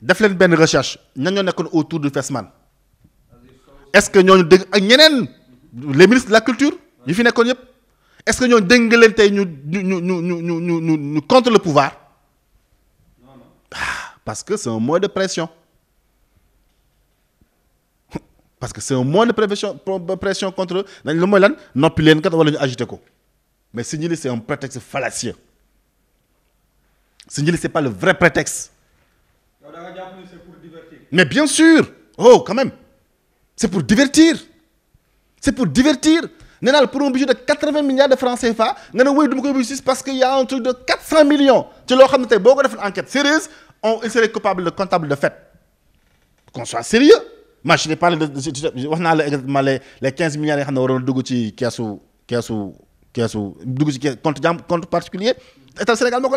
def une recherche Nous avons autour du Fesman est-ce que nous... avons les ministres de la culture fi est-ce que nous avons nga contre le pouvoir non. parce que c'est un mot de pression parce que c'est un moyen de pression pression contre le. Le mooy non plus leen kat wala ñu agité mais si nous c'est un prétexte fallacieux si nous c'est pas le vrai prétexte. Mais bien sûr, oh quand même, c'est pour divertir. C'est pour divertir. pour un budget de 80 milliards de francs CFA, nous avons parce qu'il y a un truc de 400 millions. Tu l'as si on fait une enquête sérieuse, on serait coupable de comptable de fait. Qu'on soit sérieux. Moi, je pas parlé de, de, les 15 milliards de francs qui sont qui sont compte particulier. Et le Sénégal, je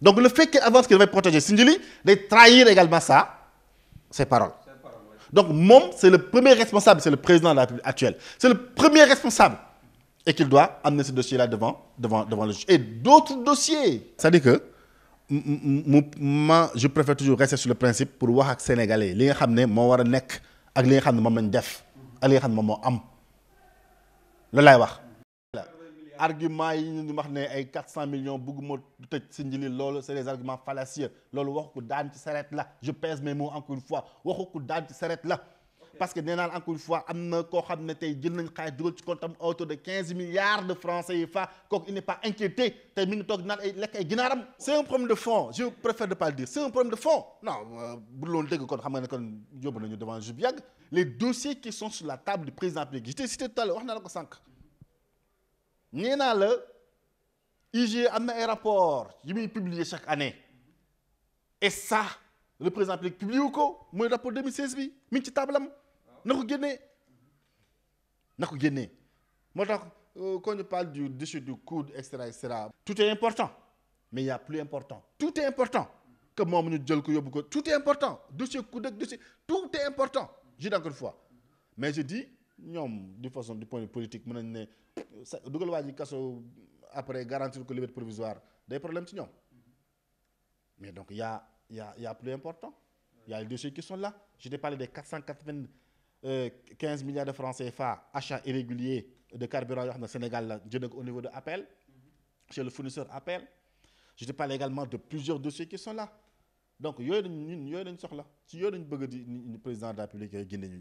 Donc le fait ce qu'il va protéger Sinjili, de trahir également ça, ses paroles. Donc Mom, c'est le premier responsable, c'est le président de la République actuelle. C'est le premier responsable. Et qu'il doit amener ce dossier-là devant, devant, devant le juge. Et d'autres dossiers. Ça dire que je préfère toujours rester sur le principe pour voir les Sénégalais argument de ñu wax 400 millions bugguma c'est des arguments fallacieux je pèse mes mots encore une fois parce que encore une fois il y a des gens qui comptent autour de 15 milliards de francs CFA il n'est pas inquiété c'est un problème de fond je préfère ne pas le dire c'est un problème de fond non euh, bu loolu devant les dossiers qui sont sur la table du président Pégui, je ai cité tout à l'heure wax 5 il y la un am rapport yi est publier chaque année et ça le président public publié y ko mooy rapport 2016 bi mi ci taabalam na ko génnee na ko génnee moo euh, quand on parle du dessus du coude etc. tout est important mais il y a plus important tout est important que ko tout est important dossier coude tout est important je dis encore une fois mais je dis nous, de façon du point de politique nous ne après garantir ko liberté provisoire des problèmes ci mais donc y' a y' a y' a plus important il y' a les dossiers qui sont là je t'ai parlé des 495 euh, milliards de francs CFA achats irréguliers de carburant dans le Sénégal au niveau de appel chez le fournisseur appel je t'ai parlé également de plusieurs dossiers qui sont là donc il dañ ñun là. là. soxla ci a une bugue président de la République guinéenne.